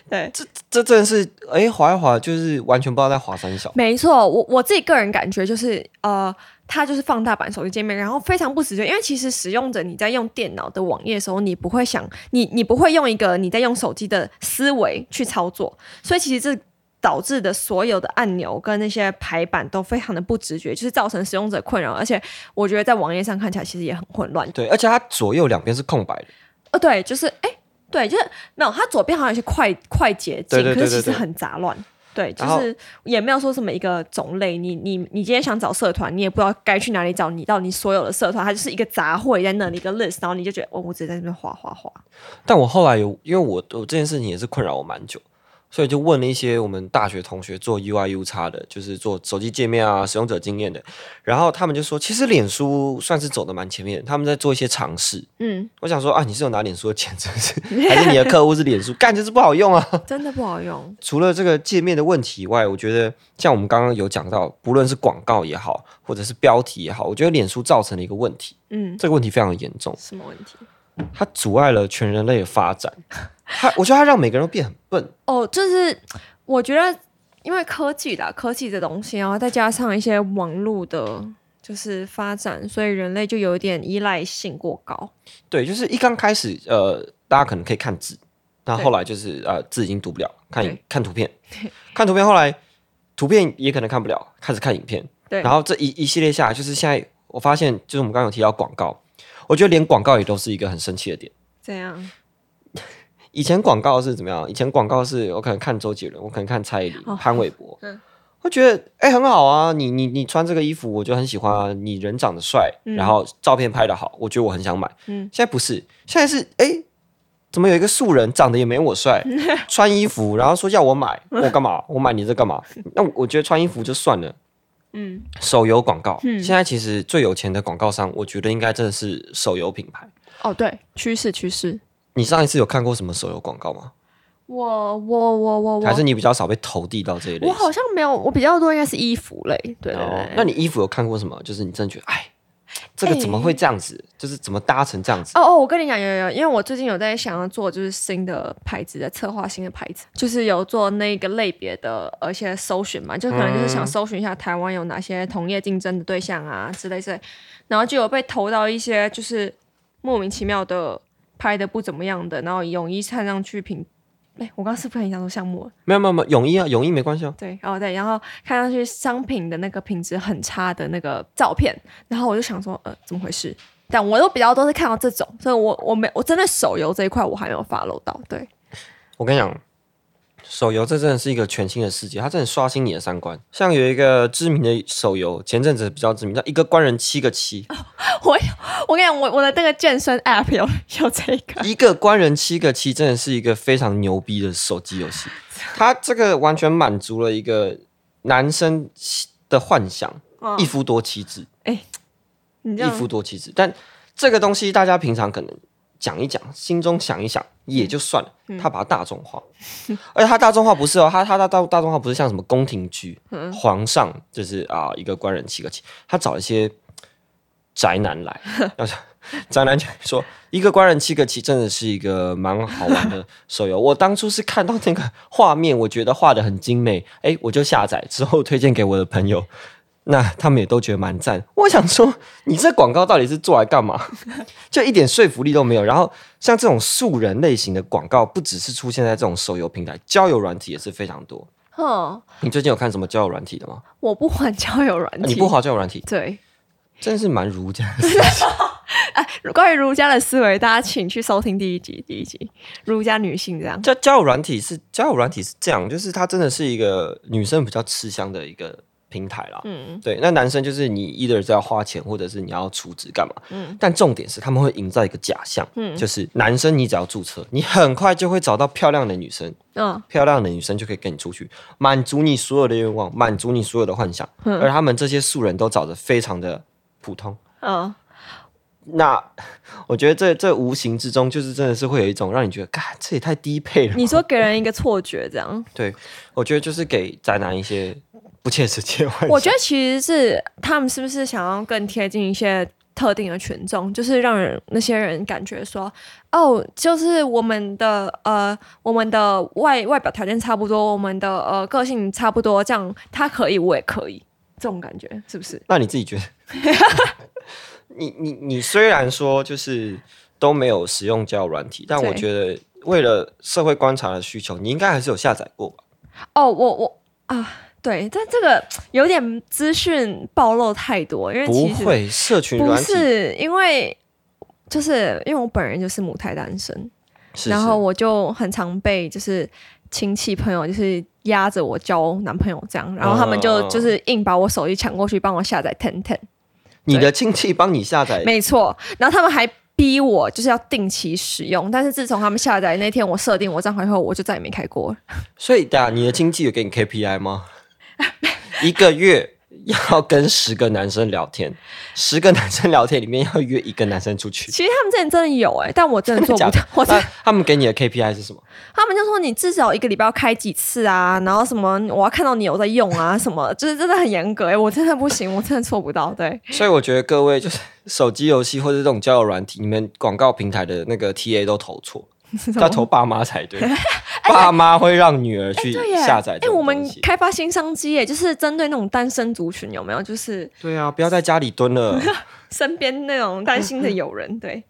對，這這真的是哎滑一滑，就是完全不知道在滑三小。沒錯，我我自己個人感覺就是呃。它就是放大版手機界面，然後非常不直覺，因為其實使用者你在用電腦的網頁的時候，你不會想你你不會用一個你在用手機的思維去操作，所以其實這導致的所有的按鈕跟那些排版都非常的不直覺，就是造成使用者困擾，而且我覺得在網頁上看起來其實也很混亂。對，而且它左右兩邊是空白的。呃，對，就是哎、欸，對，就是沒有，no, 它左邊好像有些快快捷鍵，對對對對對，可是其實很雜亂。對，就是也沒有說什麼一個種類，你你你今天想找社團，你也不知道該去哪裡找你，你到你所有的社團，它就是一個雜燴在那裡一個 list，然後你就覺得哦，我直接在那邊滑滑滑。但我後來有，因為我我這件事情也是困擾我蠻久。所以就問了一些我們大學同學做 UIU 叉的，就是做手機界面啊、使用者經驗的，然後他們就說，其實臉書算是走的蠻前面的，他們在做一些嘗試。嗯，我想說啊，你是有拿臉書的錢測 還是你的客戶是臉書？ 幹，就是不好用啊，真的不好用。除了這個界面的問題以外，我覺得像我們剛剛有講到，不論是廣告也好，或者是標題也好，我覺得臉書造成了一個問題。嗯，這個問題非常嚴重。什麼問題？它阻礙了全人類的發展。他，我覺得他讓每個人都變很笨哦，就是我覺得因為科技啦，科技的東西啊，然後再加上一些網絡的，就是發展，所以人類就有點依賴性過高。對，就是一剛開始，呃，大家可能可以看字，那後，後來就是呃字已經讀不了，看對，看圖片對，看圖片後來圖片也可能看不了，開始看影片，對，然後這一一系列下來，就是現在我發現，就是我們剛剛有提到廣告，我覺得連廣告也都是一個很生氣的點，怎樣？以前廣告是怎麼樣？以前廣告是我可能看周杰倫，我可能看蔡依林，oh. 潘瑋柏， 我覺得哎、欸、很好啊，你你你穿這個衣服我就很喜歡啊，你人長得帥，嗯，然後照片拍得好，我覺得我很想買。嗯，現在不是，現在是哎、欸，怎麼有一個素人長得也沒我帥， 穿衣服然後說要我買，我幹嘛？我買你這幹嘛？ 那我覺得穿衣服就算了。嗯，手遊廣告、嗯、現在其實最有錢的廣告商，我覺得應該真的是手遊品牌。哦，對，趨勢趨勢。你上一次有看過什麼手遊廣告嗎？我我我我還是你比較少被投遞到這一類。我好像沒有，我比較多應該是衣服類。對，那你衣服有看過什麼？就是你真覺得，哎，這個怎麼會這樣子、欸？就是怎麼搭成這樣子？哦哦，我跟你講，有有有，因為我最近有在想要做就是新的牌子，在策劃新的牌子，就是有做那個類別的，而且搜尋嘛，就可能就是想搜尋一下台灣有哪些同業競爭的對象啊之類之類。然後就有被投到一些就是莫名其妙的。拍的不怎麼樣的，然後泳衣看上去品，哎，我剛剛是不是很想說項目？沒有沒有沒有泳衣啊，泳衣沒關係哦、啊。對，哦對，然後看上去商品的那個品質很差的那個照片，然後我就想說，呃，怎麼回事？但我都比較多是看到這種，所以我我沒我真的手遊這一塊我還沒有 follow 到。對，我跟你講。手遊這真的是一個全新的世界，它正在刷新你的三觀。像有一個知名的手遊，前陣子比較知名，叫《一個官人七個妻》。哦、我我跟你講，我我的那個健身 App 有有這個。一個官人七個妻真的是一個非常牛逼的手機遊戲，它這個完全滿足了一個男生的幻想——一夫多妻制。哎，一夫多妻制、欸，但這個東西大家平常可能講一講，心中想一想。也就算了，他把它大眾化、嗯，而且他大眾化不是哦，他他大大眾化不是像什麼宮廷劇，皇上就是啊一個官人七個妻。他找一些宅男來， 宅男就說一個官人七個妻真的是一個蠻好玩的手遊。 我當初是看到那個畫面，我覺得畫得很精美，哎、欸，我就下載之後推薦給我的朋友。那他們也都覺得蠻讚。 我想說，你這廣告到底是做來幹嘛？ 就一點說服力都沒有。然後，像這種素人類型的廣告，不只是出現在這種手遊平台，交友軟體也是非常多。你最近有看什麼交友軟體的嗎？我不玩交友軟體、啊。你不玩交友軟體？對，真的是蠻儒家的。哎、 啊，關於儒家的思維，大家請去收聽第一集。第一集儒家女性這樣。交友軟體是交友軟體是這樣，就是它真的是一個女生比較吃香的一個平台啦，嗯嗯，對，那男生就是你，either 是要花錢，或者是你要儲值幹嘛，嗯，但重點是他們會營造一個假象，嗯，就是男生你只要註冊，你很快就會找到漂亮的女生，嗯、哦，漂亮的女生就可以跟你出去，滿足你所有的願望，滿足你所有的幻想，嗯，而他們這些素人都找得非常的普通，嗯，哦，那我覺得這這無形之中就是真的是會有一種讓你覺得，這也太低配了，你說給人一個錯覺這樣，對，我覺得就是給宅男一些。不切實際。我覺得其實是他們是不是想要更貼近一些特定的群眾，就是讓人那些人感覺說，哦,就是我們的呃我們的外外表條件差不多,我們的呃個性差不多,這樣他可以,我也可以,這種感覺是不是？那你自己覺得？ 你你你雖然說就是都沒有使用交友軟體，但我覺得為了社會觀察的需求,你應該還是有下載過吧？哦,我我啊。對，但這個有點資訊暴露太多，因為其實社群，不是因為就是因為我本人就是母胎單身，是是，然後我就很常被就是親戚朋友就是壓着我交男朋友這樣，哦，然後他們就就是硬把我手機搶過去幫我下載 Ten Ten，你的親戚幫你下載，沒錯，然後他們還逼我就是要定期使用，但是自從他們下載那天我設定我賬號以後，我就再也沒開過。所以的，你的親戚有給你 KPI 嗎？ 一個月要跟十個男生聊天，十個男生聊天裡面要約一個男生出去。其實他們這裡真的有哎、欸，但我真的做不到。真的假的？我真的⋯他們給你的 KPI 是什麼？他們就說你至少一個禮拜要開幾次啊，然後什麼我要看到你有在用啊，什麼 就是真的很嚴格哎、欸，我真的不行，我真的做不到。對，所以我覺得各位就是手機遊戲或者這種交友軟體，你們廣告平台的那個 TA 都投錯。要投爸媽才對， 哎、爸媽會讓女兒去下載、哎。哎，我們開發新商機耶，就是針對那種單身族群，有沒有？就是對啊，不要在家裡蹲了， 身邊那種擔心的友人， 對。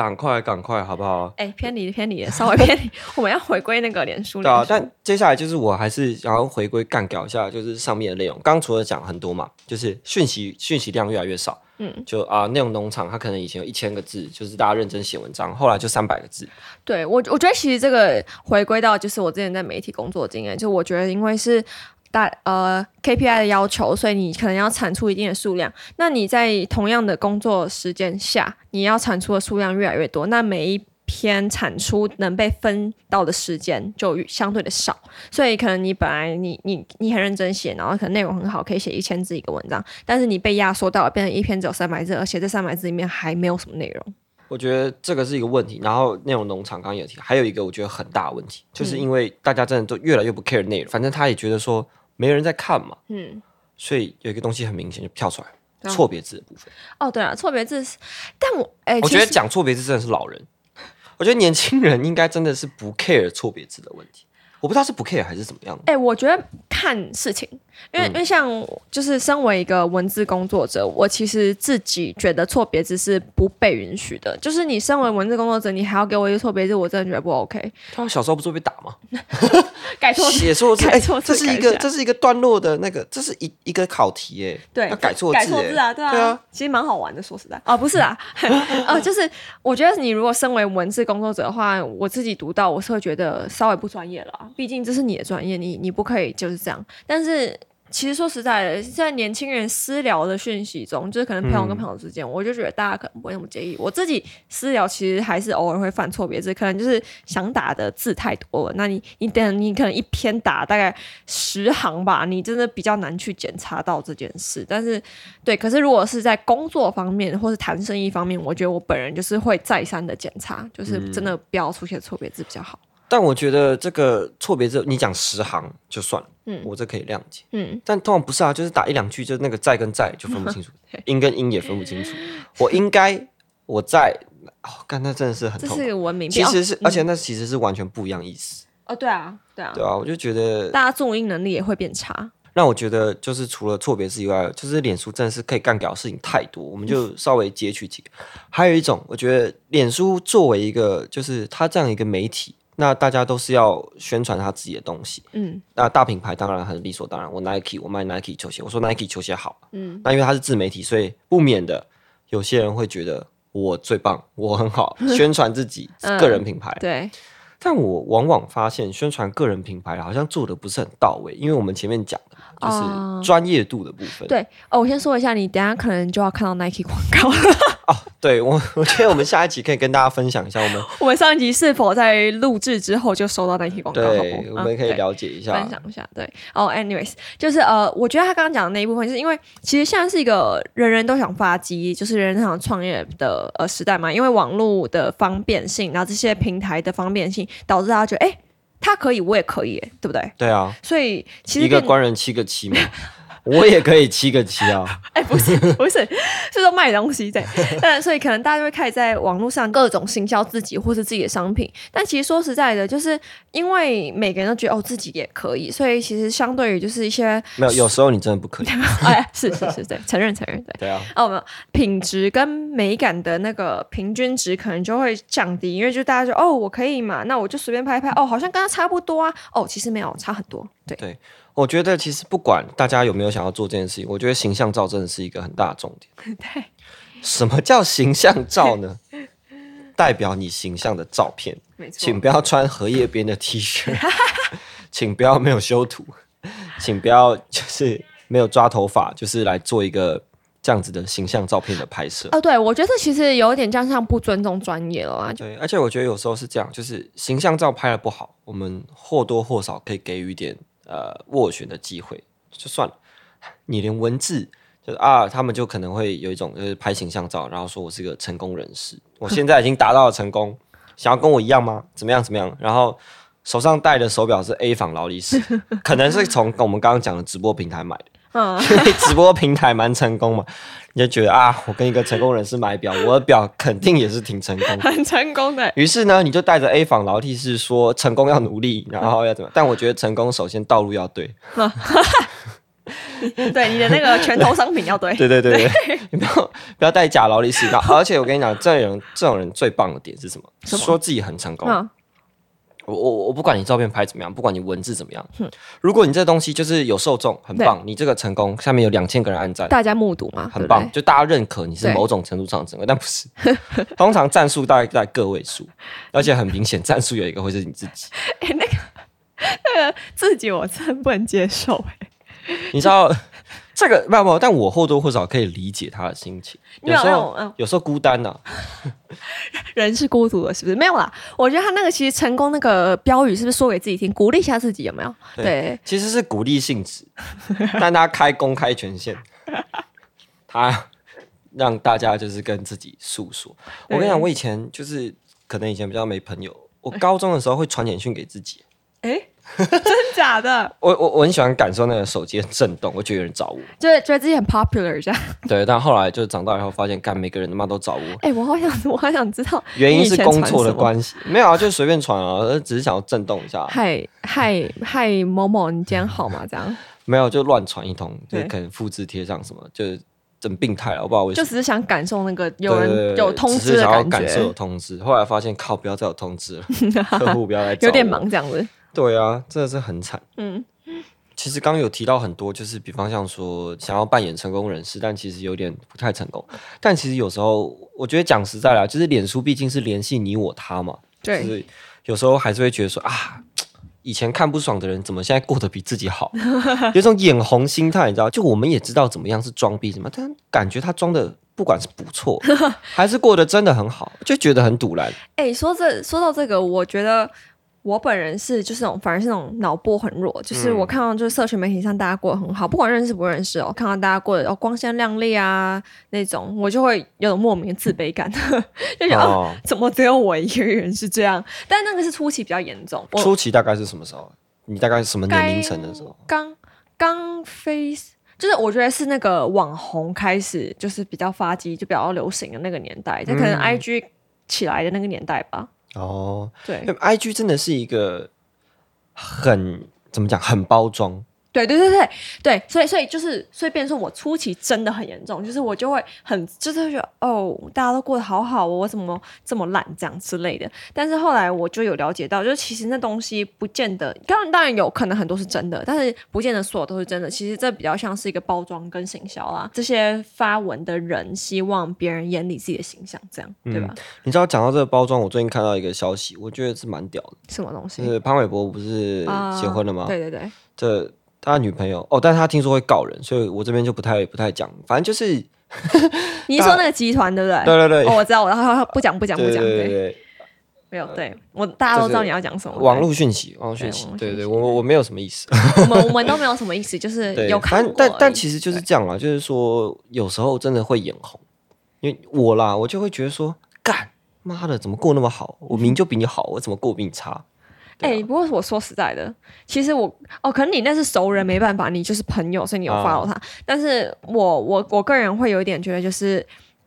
趕快，趕快，好不好，欸？哎，偏離，偏離，稍微偏離。 我們要回歸那個臉書了，啊。但接下來就是，我還是想要回歸干搞一下，就是上面的內容。剛除了講很多嘛，就是訊息，訊息量越來越少。嗯，就啊，內、呃、容農場它可能以前有一千個字，就是大家認真寫文章，後來就三百個字。對我，我覺得其實這個回歸到就是我之前在媒體工作的經驗，就我覺得因為是。大呃 KPI 的要求，所以你可能要產出一定的數量。那你在同樣的工作時間下，你要產出的數量越來越多，那每一篇產出能被分到的時間就相對的少。所以可能你本來你你你很認真寫，然後可能內容很好，可以寫一千字一個文章，但是你被壓縮到變成一篇只有三百字，而且這三百字裡面還沒有什麼內容。我覺得這個是一個問題。然後內容農場剛剛有提，還有一個我覺得很大的問題，就是因為大家真的都越來越不 care 的內容，嗯，反正他也覺得說。沒人在看嘛，嗯，所以有一個東西很明顯就跳出來、嗯，錯別字的部分。哦，對了、啊，錯別字是，但我哎，我覺得講錯別字真的是老人， 我覺得年輕人應該真的是不 care 錯別字的問題。我不知道是不 care 還是怎麼樣。哎、欸，我覺得看事情，因為、嗯、因為像就是身為一個文字工作者，我其實自己覺得錯別字是不被允許的。就是你身為文字工作者，你還要給我一個錯別字，我真的覺得不 OK。他小時候不是會被打嗎？ 改錯字，寫錯字，改錯字，這是一個一這是一個段落的那個，這是一一個考題哎、欸。對，要改錯、欸、改錯字啊，啊，對啊，其實蠻好玩的，說實在啊，不是啊， 呃，就是我覺得你如果身為文字工作者的話，我自己讀到我是會覺得稍微不專業了啊。畢竟這是你的專業，你你不可以就是這樣。但是其實說實在的，在年輕人私聊的訊息中，就是可能朋友跟朋友之間，嗯，我就覺得大家可能不會那麼介意。我自己私聊其實還是偶爾會犯錯別字，可能就是想打的字太多了。那你你等你可能一篇打大概十行吧，你真的比較難去檢查到這件事。但是對，可是如果是在工作方面或是談生意方面，我覺得我本人就是會再三的檢查，就是真的不要出現錯別字比較好。嗯但我覺得這個錯別字，你講十行就算了，嗯、我這可以諒解。嗯，但通常不是啊，就是打一兩句，就那個在跟在就分不清楚， 音跟音也分不清楚。 我應該我在，哦、剛、才真的是很痛，痛。其實是、哦，而且那其實是完全不一樣意思。哦，對啊，對啊，對啊，我就覺得大家重音能力也會變差。那我覺得就是除了錯別字以外，就是臉書真的是可以幹掉的事情太多，我們就稍微截取幾個。 還有一種，我覺得臉書作為一個就是它這樣一個媒體。那大家都是要宣傳他自己的東西，嗯，那大品牌當然很理所當然。我 Nike，我賣 Nike 球鞋，我說 Nike 球鞋好，嗯，那因為他是自媒體，所以不免的有些人會覺得我最棒，我很好 宣傳自己個人品牌。嗯，對。但我往往發現，宣傳個人品牌好像做的不是很到位，因為我們前面講。就是專業度的部分。Uh, 對哦，我先說一下，你等下可能就要看到 Nike 廣告了。 哦，對，我我覺得我們下一集可以跟大家分享一下我們 我們上一集是否在錄製之後就收到 Nike 廣告。對，我們可以了解一下，嗯，分享一下。對哦，Oh, anyways，就是呃，我覺得他剛剛講的那一部分，就是因為其實現在是一個人人都想發跡，就是人人都想創業的呃時代嘛，因為網絡的方便性，然後這些平台的方便性，導致大家覺得哎。誒他可以，我也可以，對不對？對啊，所以其實一個官人七個妻嘛。 我也可以七個七啊！哎，不是，不是，是說賣東西對，但所以可能大家就會開始在網絡上各種行銷自己或是自己的商品。但其實說實在的，就是因為每個人都覺得哦自己也可以，所以其實相對於就是一些沒有，有時候你真的不可以 對。哎、啊，是是是，對，承認承認，對，對啊。哦，我們品質跟美感的那個平均值可能就會降低，因為就大家就哦我可以嘛，那我就隨便拍拍，哦好像跟他差不多啊，哦其實沒有差很多，對，對。我覺得其實不管大家有沒有想要做這件事情，我覺得形象照真的是一個很大的重點。對，什麼叫形象照呢？ 代表你形象的照片。沒錯，請不要穿荷葉邊的 T 恤， 請不要沒有修圖，請不要就是沒有抓頭髮，就是來做一個這樣子的形象照片的拍攝。啊、呃，對，我覺得其實有點像像不尊重專業了啊，對，而且我覺得有時候是這樣，就是形象照拍得不好，我們或多或少可以給予一點。呃，斡旋的機會就算了。你連文字就是啊，他們就可能會有一種就是拍形象照，然後說我是一個成功人士，我現在已經達到了成功，想要跟我一樣嗎？怎麼樣怎麼樣？然後手上戴的手錶是 A 仿勞力士， 可能是從我們剛剛講的直播平台買的。嗯 直播平台蠻成功嘛。你就覺得啊，我跟一個成功人士買表，我的表肯定也是挺成功的，很成功的。於是呢，你就帶着 A 仿勞力士說成功要努力，然後要怎麼、嗯？但我覺得成功首先道路要對，嗯、 對，你的那個拳頭商品要對，對對對對。對，你不要不要戴假勞力士然後。而且我跟你講，這種人這種人最棒的點是什麼？什麼說自己很成功。嗯我我我不管你照片拍怎麼樣，不管你文字怎麼樣，哼，如果你這東西就是有受眾，很棒，你這個成功，下面有兩千個人按讚，大家目睹嘛，很棒，就大家認可你是某種程度上的成功，但不是，通常讚數大概在個位數， 而且很明顯，讚數有一個會是你自己，哎、欸，那個那個自己我真不能接受、欸，你知道。 這個沒有，沒有。但我或多或少可以理解他的心情。有時候，有，有，有時候孤單吶、啊，人是孤獨的，是不是？沒有啦，我覺得他那個其實成功那個標語，是不是說給自己聽，鼓勵一下自己？有沒有？對，對，其實是鼓勵性質，但他開公開權限， 他讓大家就是跟自己訴說。我跟你講，我以前就是可能以前比較沒朋友，我高中的時候會傳簡訊給自己。誒、欸。 真假的，我我我很喜歡感受那個手機的震動，我覺得有人找我，就覺得自己很 popular 這樣。對，但後來就是長大以後發現幹，幹每個人他媽都找我。哎、欸，我好想，我好想知道，原因是工作的關係？沒有啊，就隨便傳啊，只是想要震動一下、啊。嗨嗨嗨，某某，你今天好嗎？這樣 沒有，就亂傳一通，就是、可能複制貼上什麼，就是整病態了。我不知道為什麼，就只是想感受那個有人有通知的感覺，對對對對，只是想要感受通知，後來發現靠，不要再有通知了， 客戶不要來，有點忙這樣子。對啊，真的是很慘。嗯，其實剛剛有提到很多，就是比方像說想要扮演成功人士，但其實有點不太成功。但其實有時候我覺得講實在啦，就是臉書畢竟是聯繫你我他嘛，對。就是、有時候還是會覺得說啊，以前看不爽的人怎麼現在過得比自己好， 有種眼紅心態，你知道？就我們也知道怎麼樣是裝逼，什麼，但感覺他裝的不管是不錯， 還是過得真的很好，就覺得很賭爛。哎、欸，說這說到這個，我覺得。我本人是就是那種，反而是那種腦波很弱，就是我看到就是社群媒體上大家過得很好，嗯、不管認識不認識哦，我看到大家過得哦光鮮亮麗啊那種，我就會有種莫名的自卑感，嗯、 就想得、哦哦、怎麼只有我一個人是這樣？但那個是初期比較嚴重。初期大概是什麼時候？你大概什麼年齡層的時候？剛剛飛，就是我覺得是那個網紅開始就是比較發跡，就比較流行的那個年代，他可能 IG 起來的那個年代吧。嗯哦、oh，對，因為 IG 真的是一個很，怎麼講，很包裝。對對對對對，對所以所以就是所以，變成我初期真的很嚴重，就是我就會很就是會覺得哦，大家都過得好好哦，我怎麼這麼爛這樣之類的。但是後來我就有了解到，就是其實那東西不見得，當然當然有可能很多是真的，但是不見得所有都是真的。其實這比較像是一個包裝跟行銷啦，這些發文的人希望別人眼裡自己的形象這樣，嗯、對吧？你知道講到這個包裝，我最近看到一個消息，我覺得是蠻屌的。什麼東西？就是潘瑋柏不是結婚了嗎？呃、對對對，這。他女朋友哦，但是他聽說會告人，所以我這邊就不太不太講，反正就是， 你說那個集團對不對？對對對、哦，我知道，然後不講不講不講，對對對，對，對，沒有，對我大家都知道你要講什麼對對。網絡訊息，網絡訊息，對對，我我沒有什麼意思。對對我，我，意思 我們我們都沒有什麼意思，就是有看。但但但其實就是這樣啦，就是說有時候真的會眼紅，因為我啦，我就會覺得說，幹媽的怎麼過那麼好？我名就比你好，我怎麼過比你差？誒、欸，不過我說實在的，其實我哦，可能你那是熟人沒辦法，你就是朋友，所以你有 follow 他。啊、但是我，我我我個人會有一點覺得，就是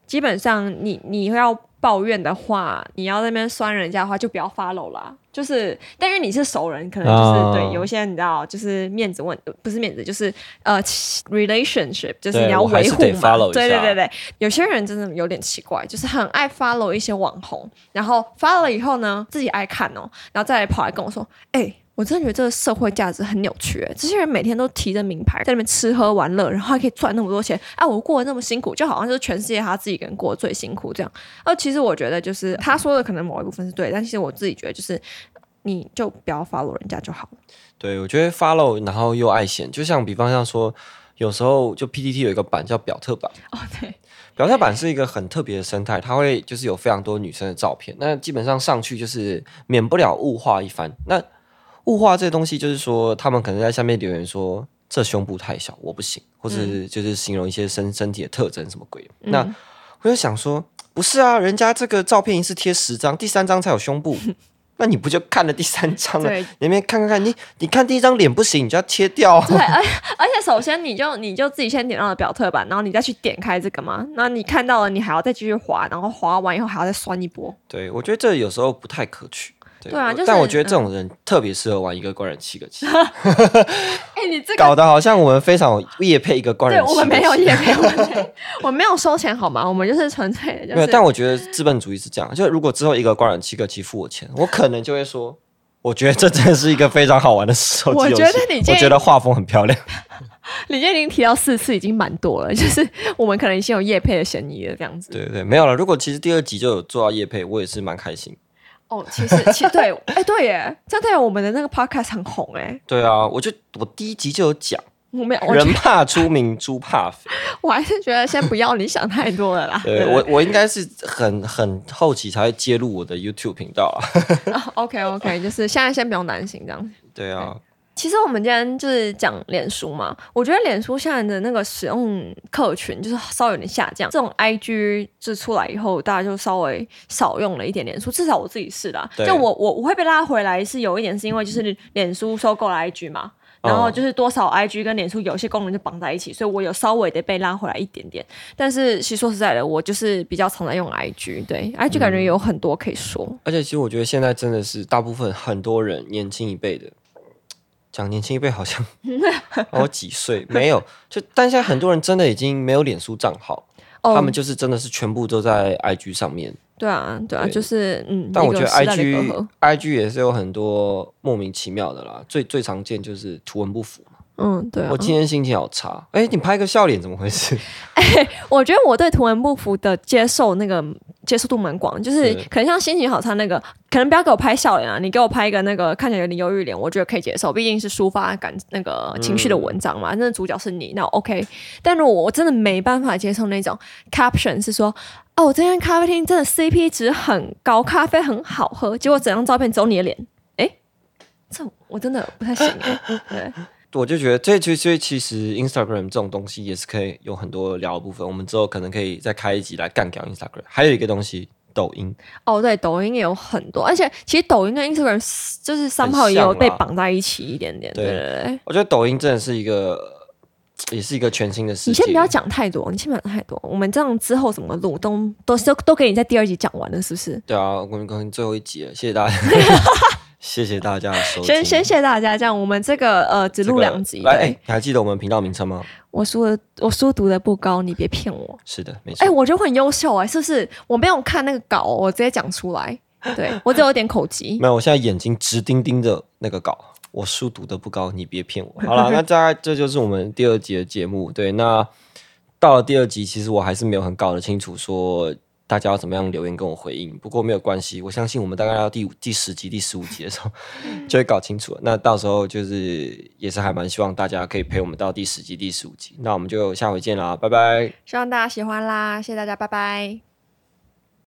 基本上你你要抱怨的話，你要那邊酸人家的話，就不要 follow 啦、啊。就是，但是你是熟人，可能就是、呃、對，有一些你知道，就是面子問，不是面子，就是呃，relationship，就是你要維護嘛，對，還是得 follow 一下。對對對對，有些人真的有點奇怪，就是很愛 follow 一些網紅，然後 follow 了以後呢，自己愛看哦，然後再來跑來跟我說，哎、欸。我真的覺得這個社會價值很扭曲，欸，這些人每天都提着名牌在那邊吃喝玩樂，然後還可以賺那麼多錢，哎、啊，我過得那麼辛苦，就好像就是全世界他自己一個人過得最辛苦這樣。哦、啊，其實我覺得就是他說的可能某一部分是對，但其實我自己覺得就是你就不要 follow 人家就好了。對，我覺得 follow 然後又愛嫌，就像比方像說有時候就 PTT 有一個版叫表特版，哦、oh, 對，表特版是一個很特別的生態，它會就是有非常多女生的照片，那基本上上去就是免不了物化一番，那。物化這東西，就是說他們可能在下面留言說這胸部太小，我不行，或者就是形容一些身、嗯、身體的特徵什麼鬼、嗯。那我就想說，不是啊，人家這個照片一次貼十張，第三張才有胸部， 那你不就看了第三張了、啊？裡面看看看，你你看第一張臉不行，你就要切掉、哦。對，而而且首先你就你就自己先點到了表特板，然後你再去點開這個嘛，那你看到了，你還要再繼續滑，然後滑完以後還要再酸一波。對，我覺得這有時候不太可取。對，對啊，就是，但我覺得這種人特別適合玩一個官人七個妻。嗯 欸、你這個、搞得好像我們非常有業配一個官人， 欸這個，我們沒有業配七七， 我們沒有收錢好嗎？我們就是純粹的、就是。沒有，但我覺得資本主義是這樣，就如果之後一個官人七個妻付我錢，我可能就會說，我覺得這真的是一個非常好玩的時候。 我覺得你，我覺得畫風很漂亮。 李建林提到四次已經蠻多了，就是我們可能已經有業配的嫌疑了，這樣子。 對，對對，沒有了。如果其實第二集就有做到業配，我也是蠻開心。Oh, 其實，其實對，哎、 欸，對耶，這樣代表，我們的那個 podcast 很紅，哎，對啊，我就我第一集就有講，我沒有，人怕出名豬怕肥， 我還是覺得先不要你想太多了啦。 對，我我應該是很很好奇才會介入我的 YouTube 頻道啊。 oh, OK OK，就是現在先不用擔心這樣子。 對啊。其實我們今天就是講臉書嘛，我覺得臉書現在的那個使用客群就是稍微有點下降。這種 IG 就出來以後，大家就稍微少用了一點臉書，至少我自己是啦。對，就我我我會被拉回來，是有一點是因為就是臉書收購了 IG 嘛，嗯，然後就是多少 IG 跟臉書有些功能就綁在一起，嗯，所以我有稍微的被拉回來一點點。但是其實說實在的，我就是比較常在用 IG，對，IG 感覺有很多可以說，嗯。而且其實我覺得現在真的是大部分很多人年輕一輩的。講年輕一輩好像好、哦、幾歲， 沒有就，但現在很多人真的已經沒有臉書賬號、哦，他們就是真的是全部都在 IG 上面。對啊，對啊，對就是嗯，但我覺得 IG IG 也是有很多莫名其妙的啦，最最常見就是圖文不符。嗯，對、啊，我今天心情好差。哎，你拍個笑臉怎麼回事？哎，我覺得我對圖文不符的接受那個接受度蠻廣，就是可能像心情好差那個，可能不要給我拍笑臉啊，你給我拍一個那個看起來有點憂鬱臉，我覺得可以接受，畢竟是抒發感那個情緒的文章嘛。嗯、那個、主角是你，那 OK。但我我真的沒辦法接受那種 caption 是說，哦，我這間咖啡廳真的 CP 值很高，咖啡很好喝，結果整張照片走你的臉。哎，這我真的不太行 哎、嗯。對。我就覺得這其實 Instagram 這種東西也是可以有很多聊的部分，我們之後可能可以再開一集來幹掉 Instagram。還有一個東西，抖音。哦，對，抖音也有很多，而且其實抖音跟 Instagram 就是三號也有被綁在一起一點點，對對、對對？我覺得抖音真的是一個，也是一個全新的事情。你先不要講太多，你先不要講太多，我們這樣之後怎麼錄都都都給你在第二集講完了，是不是？對啊，我們關於最後一集了，謝謝大家。 謝謝大家收，先先謝，謝大家，這樣我們這個呃，只錄兩集。這個、來、欸，你還記得我們頻道名稱嗎？我書我書讀的不高，你別騙我。是的，沒錯。哎、欸，我覺得很優秀，哎、欸，是不是？我沒有看那個稿，我直接講出來。對 我只有，有點口疾。沒有，我現在眼睛直盯盯着那個稿。我書讀的不高，你別騙我。好了，那大概這就是我們第二集的節目。 對，那到了第二集，其實我還是沒有很搞得清楚說。大家要怎麼樣留言跟我回應？不過沒有關係，我相信我們大概到第五、第十集、第十五集的時候 就會搞清楚了。那到時候就是也是還蠻希望大家可以陪我們到第十集、第十五集。那我們就下回見啦，拜拜！希望大家喜歡啦，謝謝大家，拜拜。